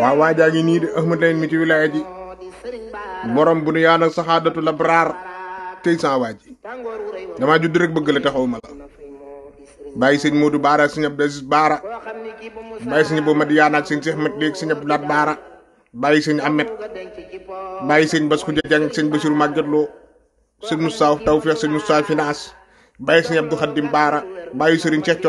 wa waajaa ngi nii di Ahmad Layeen mi ci wilaya ji borom bu nu yaan ak saxaadatu la tey sa waji dama judd rek beug la taxawuma la bàyyi seigne Modou bara seigne sëñ Abdou Aziz Madiana ak Cheikh Abdou bara seigne Ahmed seigne Basku Jajang seigne sëñ magatlo seigne Lo Tawfiq seigne Moussa Finance bàyyi seigne Abdou Khadim bara bàyyi seigne Cheikh Coro